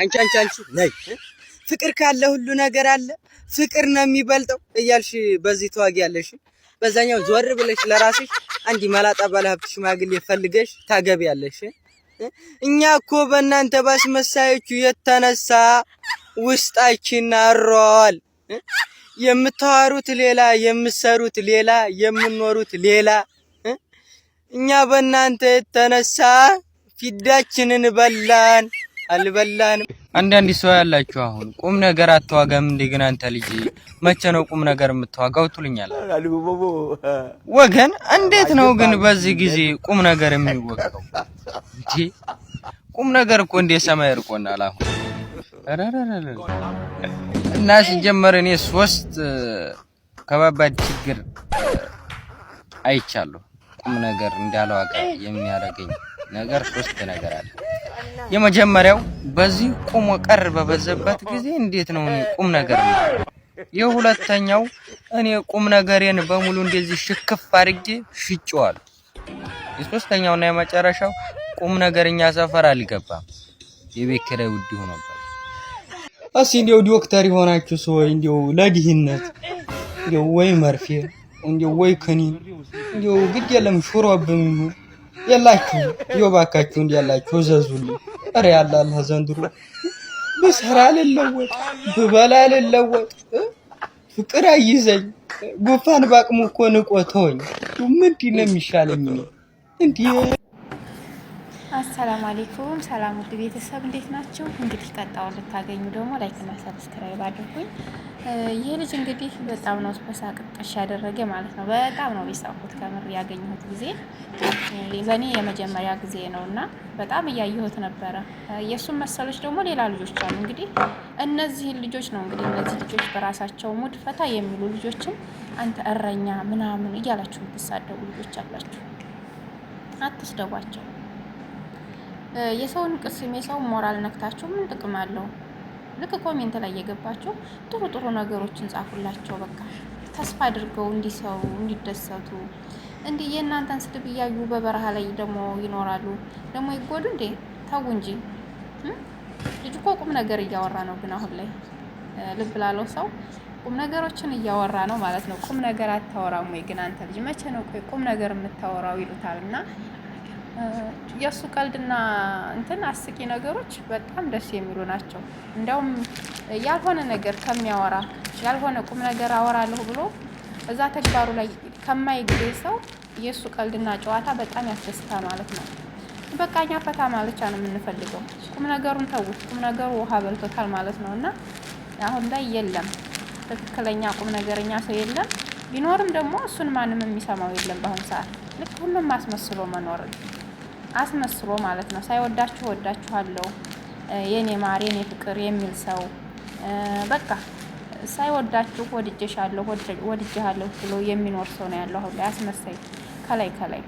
አንቺ አንቺ አንቺ ነይ ፍቅር ካለ ሁሉ ነገር አለ፣ ፍቅር ነው የሚበልጠው እያልሽ በዚህ ተዋጊ ያለሽ በዛኛው ዞር ብለሽ ለራስሽ አንድ መላጣ ባለሀብት ሽማግሌ ፈልገሽ ያለሽ። እኛ እኮ በእናንተ ባስመሳዮቹ የተነሳ ውስጣችን አሯል። የምታዋሩት ሌላ፣ የምትሰሩት ሌላ፣ የምኖሩት ሌላ። እኛ በእናንተ የተነሳ ፊዳችንን በላን። አልበላንም። አንዳንድ ሰው ያላችሁ አሁን ቁም ነገር አትዋጋም እንዴ? ግን አንተ ልጅ መቼ ነው ቁም ነገር የምትዋጋው ትሉኛል ወገን። እንዴት ነው ግን በዚህ ጊዜ ቁም ነገር የሚወጋው እንዴ? ቁም ነገር እኮ እንደ ሰማይ እርቆናል አሁን እና ሲጀመር እኔ ሶስት ከባባድ ችግር አይቻለሁ። ቁም ነገር እንዳልዋጋ የሚያደርገኝ ነገር ሶስት ነገር አለ። የመጀመሪያው በዚህ ቁሞ ቀር በበዛበት ጊዜ እንዴት ነው ቁም ነገር ነው። የሁለተኛው እኔ ቁም ነገሬን በሙሉ እንደዚህ ሽክፍ አድርጌ ሽጬዋለሁ። የሶስተኛውና የመጨረሻው ቁም ነገርኛ ሰፈር አልገባም። የቤት ኪራይ ውድ ሆነበት። እሺ እንዲው ዶክተር የሆናችሁ ሰው እንዲው ለድህነት እንዲው ወይ መርፌ እንዲው ወይ ክኒን እንዲው ግድ የለም ሹሮብም የላችሁ እባካችሁ እንዲያላችሁ እዘዙልኝ። ኧረ ያላላ ዘንድሮ ብሰራ ልለወጥ፣ ብበላ ልለወጥ፣ ፍቅር አይዘኝ። ጉንፋን በአቅሙ እኮ ንቆ ተወኝ። ምንድን ነው የሚሻለኝ? እንዲህ አሰላሙ አሌይኩም ሰላም ውድ ቤተሰብ እንዴት ናቸው? እንግዲህ ቀጣው ልታገኙ ደግሞ ላይክና ሰብስክራይብ አድርጉኝ። ይህ ልጅ እንግዲህ በጣም ነው በሳቅቅሽ ያደረገ ማለት ነው። በጣም ነው የሳቁት ከምር ያገኘሁት ጊዜ በእኔ የመጀመሪያ ጊዜ ነው እና በጣም እያየሁት ነበረ። የእሱም መሰሎች ደግሞ ሌላ ልጆች አሉ። እንግዲህ እነዚህን ልጆች ነው እንግዲህ እነዚህ ልጆች በራሳቸው ሙድ ፈታ የሚሉ ልጆችን አንተ እረኛ ምናምን እያላችሁ የምትሳደቡ ልጆች አላችሁ፣ አትስደቧቸው። የሰውን ቅስም የሰውን ሞራል ነክታችሁ ምን ጥቅም አለው? ልክ ኮሜንት ላይ የገባችሁ ጥሩ ጥሩ ነገሮችን ጻፉላቸው። በቃ ተስፋ አድርገው እንዲሰሩ እንዲደሰቱ። እንዲህ የእናንተን ስድብ እያዩ በበረሃ ላይ ደግሞ ይኖራሉ። ደግሞ ይጎዱ እንዴ? ተው እንጂ። ልጅ እኮ ቁም ነገር እያወራ ነው። ግን አሁን ላይ ልብ ላለው ሰው ቁም ነገሮችን እያወራ ነው ማለት ነው። ቁም ነገር አታወራም ወይ ግን አንተ ልጅ መቼ ነው ቁም ነገር የምታወራው? ይሉታል እና የእሱ ቀልድና እንትን አስቂ ነገሮች በጣም ደስ የሚሉ ናቸው። እንዲያውም ያልሆነ ነገር ከሚያወራ ያልሆነ ቁም ነገር አወራለሁ ብሎ እዛ ተግባሩ ላይ ከማይገኝ ሰው የእሱ ቀልድና ጨዋታ በጣም ያስደስታል ማለት ነው። በቃ እኛ ፈታ ማለቻ ነው የምንፈልገው። ቁም ነገሩን ተውት። ቁም ነገሩ ውሃ በልቶታል ማለት ነው። እና አሁን ላይ የለም ትክክለኛ ቁም ነገረኛ ሰው የለም። ቢኖርም ደግሞ እሱን ማንም የሚሰማው የለም በአሁኑ ሰዓት። ልክ ሁሉም አስመስሎ መኖር። አስመስሎ ማለት ነው። ሳይወዳችሁ ወዳችኋለሁ የኔ ማር የኔ ፍቅር የሚል ሰው በቃ ሳይወዳችሁ ወድጀሻለሁ ወድጀሃለሁ ብሎ የሚኖር ሰው ነው ያለው አሁን ላይ አስመሳይ ከላይ ከላይ።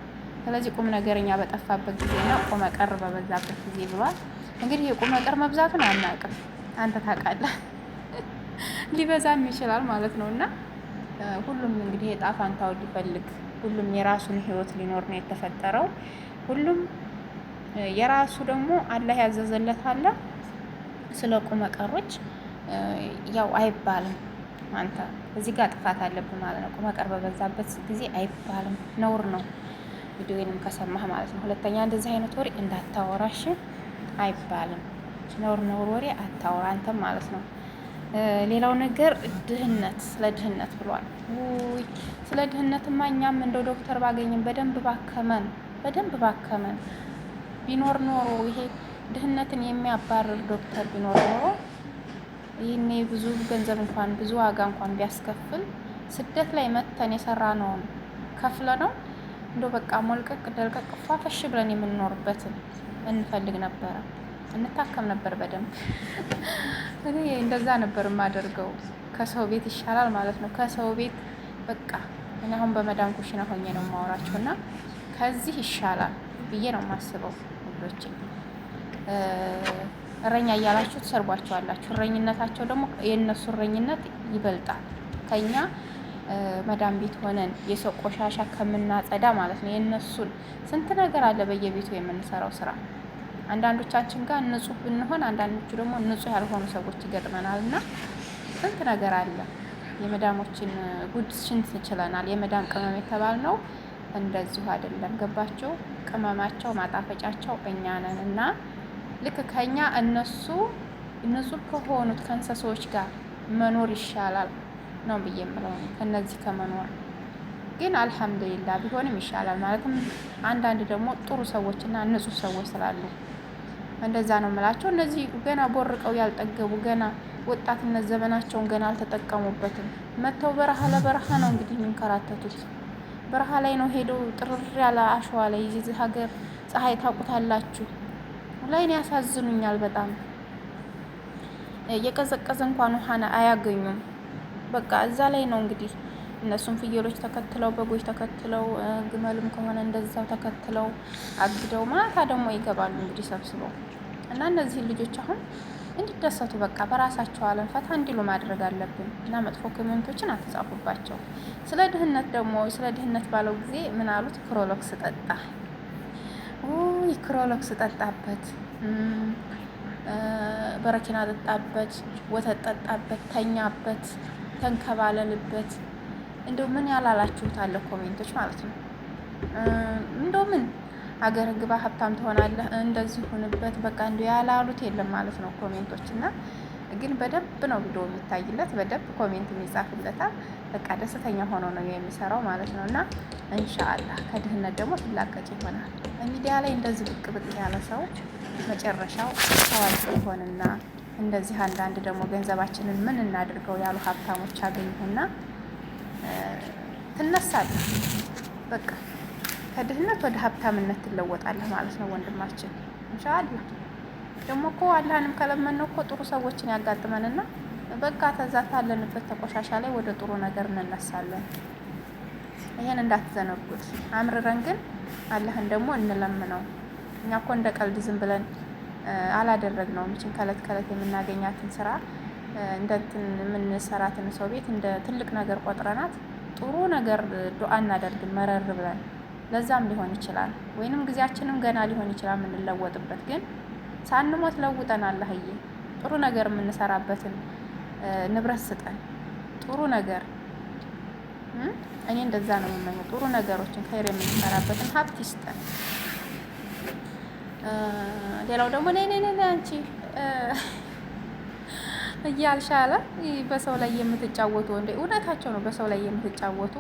ስለዚህ ቁም ነገረኛ በጠፋበት ጊዜ እና ቁመ ቀር በበዛበት ጊዜ ብሏል። እንግዲህ የቁመ ቀር መብዛቱን አናውቅም፣ አንተ ታውቃለህ። ሊበዛም ይችላል ማለት ነው እና ሁሉም እንግዲህ የጣፋንታው ሊፈልግ ሁሉም የራሱን ህይወት ሊኖር ነው የተፈጠረው። ሁሉም የራሱ ደግሞ አላህ ያዘዘለት አለ። ስለ ቀሮች ያው አይባልም። አንተ እዚህ ጋር ጥፋት አለብን ማለት ነው። ቀር በበዛበት ጊዜ አይባልም፣ ነውር ነው። ቪዲዮንም ከሰማህ ማለት ነው። ሁለተኛ እንደዚህ አይነት ወሬ እንዳታወራሽ አይባልም። ነውር ነውር ወሬ አታወራ አንተም ማለት ነው። ሌላው ነገር ድህነት፣ ስለ ድህነት ብሏል። ውይ ስለ ድህነትማ እኛም እንደው ዶክተር ባገኝም በደንብ ባከመን በደንብ ባከመን ቢኖር ኖሮ ይሄ ድህነትን የሚያባርር ዶክተር ቢኖር ኖሮ ይህኔ ብዙ ገንዘብ እንኳን ብዙ ዋጋ እንኳን ቢያስከፍል ስደት ላይ መጥተን የሰራ ነውን ከፍለ ነው እንደ በቃ ሞልቀቅ ደልቀቅ ፏፈሽ ብለን የምንኖርበትን እንፈልግ ነበረ፣ እንታከም ነበር በደንብ። እኔ እንደዛ ነበር የማደርገው። ከሰው ቤት ይሻላል ማለት ነው። ከሰው ቤት በቃ እኔ አሁን በመዳም ኩሽና ሆኜ ነው የማወራቸው እና ከዚህ ይሻላል ብዬ ነው የማስበው። ሁሎች እረኛ እያላችሁ ትሰርጓቸዋላችሁ። እረኝነታቸው ደግሞ የእነሱ እረኝነት ይበልጣል ከኛ መዳም ቤት ሆነን የሰው ቆሻሻ ከምናጸዳ ማለት ነው። የእነሱን ስንት ነገር አለ በየቤቱ የምንሰራው ስራ አንዳንዶቻችን ጋር ንጹህ ብንሆን አንዳንዶቹ ደግሞ ንጹህ ያልሆኑ ሰዎች ይገጥመናል እና ስንት ነገር አለ። የመዳሞችን ጉድ ሽንት ችለናል። የመዳም ቅመም የተባል ነው? እንደዚሁ አይደለም። ገባቸው ቅመማቸው ማጣፈጫቸው እኛ ነን እና ልክ ከኛ እነሱ እነሱ ከሆኑት ከእንስሳዎች ጋር መኖር ይሻላል ነው ብዬ የምለው ከነዚህ ከመኖር ግን አልሐምዱሊላ ቢሆንም ይሻላል። ማለትም አንዳንድ ደግሞ ጥሩ ሰዎችና ንጹህ ሰዎች ስላሉ እንደዛ ነው የምላቸው። እነዚህ ገና ቦርቀው ያልጠገቡ ገና ወጣትነት ዘመናቸውን ገና አልተጠቀሙበትም። መተው በረሃ ለበረሃ ነው እንግዲህ የሚንከራተቱት። በረሃ ላይ ነው ሄደው ጥርር ያለ አሸዋ ላይ የዚህ ሀገር ፀሐይ ታውቁታላችሁ። ላይን ያሳዝኑኛል በጣም የቀዘቀዘ እንኳን ውሃን አያገኙም። በቃ እዛ ላይ ነው እንግዲህ እነሱም ፍየሎች ተከትለው በጎች ተከትለው ግመልም ከሆነ እንደዛው ተከትለው አግደው ማታ ደግሞ ይገባሉ እንግዲህ ሰብስበው እና እነዚህን ልጆች አሁን እንዲደሰቱ በቃ በራሳቸው ዓለም ፈታ እንዲሉ ማድረግ አለብን እና መጥፎ ኮሜንቶችን አትጻፉባቸው። ስለ ድህነት ደግሞ ስለ ድህነት ባለው ጊዜ ምን አሉት? ክሮሎክስ ጠጣ ውይ ክሮሎክስ ጠጣበት፣ በረኪና ጠጣበት፣ ወተት ጠጣበት፣ ተኛበት፣ ተንከባለልበት እንደው ምን ያላላችሁት አለ ኮሜንቶች ማለት ነው እንደው ምን ሀገር ግባ ሀብታም ትሆናለህ፣ እንደዚህ ሁንበት፣ በቃ እንዲ ያላሉት የለም ማለት ነው ኮሜንቶች እና ግን በደንብ ነው ቪዲዮ የሚታይለት፣ በደንብ ኮሜንት የሚጻፍለታል። በቃ ደስተኛ ሆኖ ነው የሚሰራው ማለት ነው። እና እንሻአላህ ከድህነት ደግሞ ትላቀቅ ይሆናል። ሚዲያ ላይ እንደዚህ ብቅ ብቅ ያለ ሰው መጨረሻው ታዋቂ ይሆንና እንደዚህ አንዳንድ ደግሞ ገንዘባችንን ምን እናድርገው ያሉ ሀብታሞች አገኙና ትነሳለህ በቃ ከድህነት ወደ ሀብታምነት ትለወጣለህ ማለት ነው ወንድማችን። ኢንሻአላህ ደግሞ እኮ አላህንም ከለመነው እኮ ጥሩ ሰዎችን ያጋጥመንና በቃ ተዛ ታለንበት ተቆሻሻ ላይ ወደ ጥሩ ነገር እንነሳለን። ይሄን እንዳትዘነጉት። አምርረን ግን አላህን ደግሞ እንለምነው። እኛ እኮ እንደ ቀልድ ዝም ብለን ነው ምችን ከለት ከለት የምናገኛትን ስራ እንደትን የምንሰራትን ሰው ቤት እንደ ትልቅ ነገር ቆጥረናት ጥሩ ነገር ዱአ እናደርግን መረር ብለን ለዛም ሊሆን ይችላል ወይንም ጊዜያችንም ገና ሊሆን ይችላል የምንለወጥበት። ግን ሳንሞት ለውጠን አላህዬ ጥሩ ነገር የምንሰራበትን ንብረት ስጠን። ጥሩ ነገር እኔ እንደዛ ነው የምመኘው። ጥሩ ነገሮችን ከይር የምንሰራበትን ሀብት ይስጠን። ሌላው ደግሞ ነይ ነይ ነይ አንቺ እያልሻለ በሰው ላይ የምትጫወቱ ወንዴ እውነታቸው ነው። በሰው ላይ የምትጫወቱ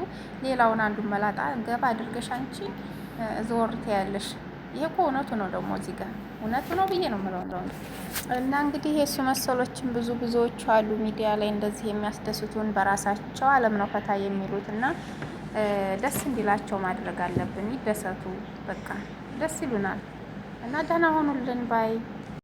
ሌላውን አንዱን መላጣ ገባ አድርገሽ አንቺ ዞር ትያለሽ። ይሄ እኮ እውነቱ ነው። ደግሞ እዚህ ጋር እውነቱ ነው ብዬ ነው ምለው እንደው እና እንግዲህ የእሱ መሰሎችን ብዙ ብዙዎቹ አሉ ሚዲያ ላይ እንደዚህ የሚያስደስቱን በራሳቸው አለም ነው ፈታ የሚሉት እና ደስ እንዲላቸው ማድረግ አለብን። ይደሰቱ፣ በቃ ደስ ይሉናል እና ደህና ሆኑልን ባይ